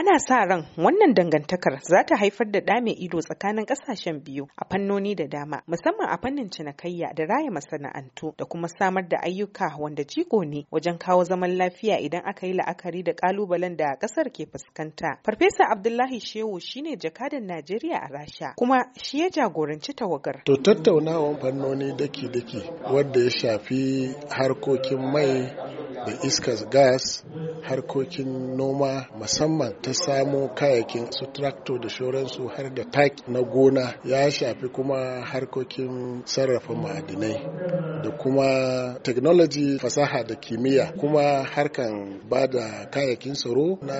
Ana sa ran wannan dangantakar za ta haifar da ɗa mai ido tsakanin ƙasashen biyu a fannoni da dama, musamman a fannin cinikayya da raya masana'antu da kuma samar da ayyuka wanda jiko ne wajen kawo zaman lafiya idan aka yi la'akari da ƙalubalen da ƙasar ke fuskanta. Farfesa Abdullahi Shehu shine jakadan Najeriya a Rasha, kuma shi ya jagoranci tawagar. To tattaunawan fannoni daki-daki wanda ya shafi harkokin mai da iskar gas harkokin noma musamman ta samo kayakin su tractor da shoransu har da tak na gona ya shafi kuma harkokin sarrafa ma'adinai da kuma technology fasaha da kimiyya kuma harkan ba da kayakin tsaro na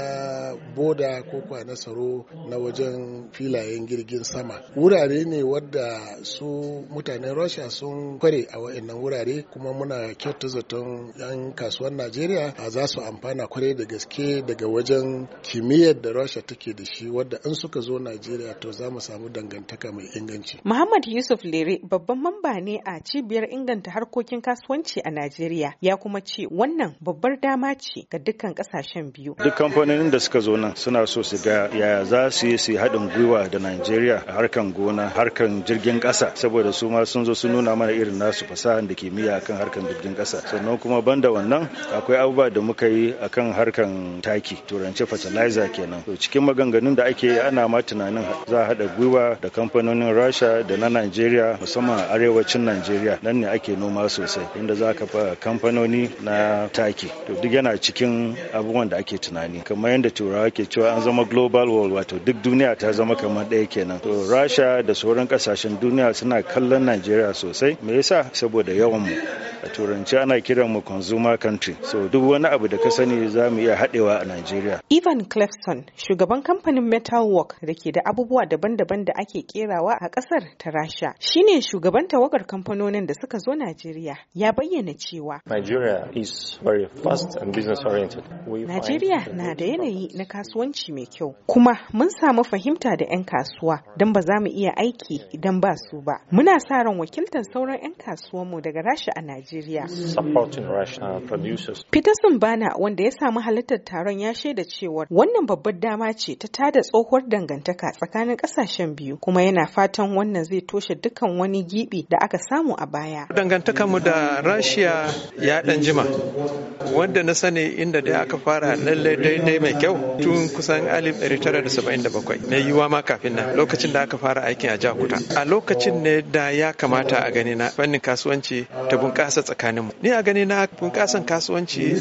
boda ko na tsaro na wajen filayen jirgin sama wurare ne wadda su mutanen russia sun kware a wa'annan wurare kuma muna kyautu zaton 'yan kasuwan najeriya za su amfana kwarai da gaske daga wajen kimiyyar da Rasha take da shi wadda an suka zo Najeriya to za mu samu dangantaka mai inganci. Muhammad Yusuf Lere babban mamba ne a cibiyar inganta harkokin kasuwanci a Najeriya ya kuma ce wannan babbar dama ce ga dukkan kasashen biyu. Duk kamfanonin da suka zo nan suna so su ga yaya za su yi su haɗin gwiwa da Najeriya a harkan gona harkan jirgin ƙasa saboda su ma sun zo sun nuna mana irin nasu fasahan da kimiyya akan harkan jirgin ƙasa sannan kuma banda wannan akwai abubuwa da muka yi akan akan harkan taki turanci fertilizer kenan to cikin maganganun da ake ana ma tunanin za a haɗa gwiwa da kamfanonin Rasha da na nigeria musamman a arewacin nigeria nan ne ake noma sosai inda za ka fa kamfanoni na taki to duk yana cikin abubuwan da ake tunani kamar yadda turawa ke cewa an zama global world wato duk duniya ta zama kamar ɗaya kenan to Rasha da sauran kasashen duniya suna kallon nigeria sosai me yasa saboda yawan mu a turanci ana kiran mu consumer country so duk wani abu da ka sani za mu iya haɗewa a Najeriya. Ivan Clefson shugaban kamfanin metal work da ke da abubuwa daban-daban da ake kerawa a ƙasar ta Rasha shine shugaban tawagar kamfanonin da suka zo Najeriya ya bayyana cewa Nigeria is very fast and business oriented. Najeriya na da yanayi na kasuwanci mai kyau kuma mun samu fahimta da 'yan kasuwa don ba za mu iya aiki idan ba su ba. Muna sa ran wakiltar sauran 'yan kasuwanmu daga Rasha a Najeriya. Najeriya. Peterson Bana wanda ya samu halittar taron ya shaida cewar wannan babbar dama ce ta tada tsohuwar dangantaka tsakanin kasashen biyu kuma yana fatan wannan zai toshe dukkan wani gibi da aka samu a baya. mu da Rashiya ya dan jima wanda na sani inda dai aka fara lallai daidai mai kyau tun kusan 1977 na yiwuwa ma kafin nan lokacin da aka fara aikin a Jakuta. A lokacin ne da ya kamata a gani na fannin kasuwanci ta bunƙasa tsakanin tsakaninmu ni a gani na bunƙasan kasuwanci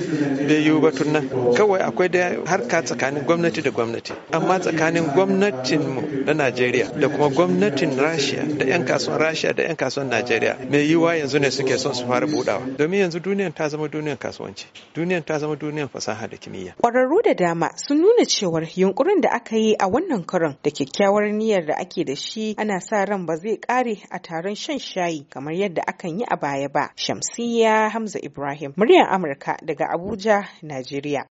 bai yiwu ba tun nan kawai akwai da harka tsakanin gwamnati da gwamnati amma tsakanin gwamnatinmu na najeriya da kuma gwamnatin rashiya da 'yan kasuwan rashiya da 'yan kasuwan najeriya mai yiwuwa yanzu ne suke son su fara budawa domin yanzu duniyan ta zama duniyan kasuwanci duniyan ta zama duniyan fasaha da kimiyya ƙwararru da dama sun nuna cewar yunkurin da aka yi a wannan karon da kyakkyawar niyyar da ake da shi ana sa ran ba zai kare a taron shan shayi kamar yadda akan yi a baya ba shams Shamsiyya Hamza Ibrahim, muryar Amurka daga Abuja, Najeriya.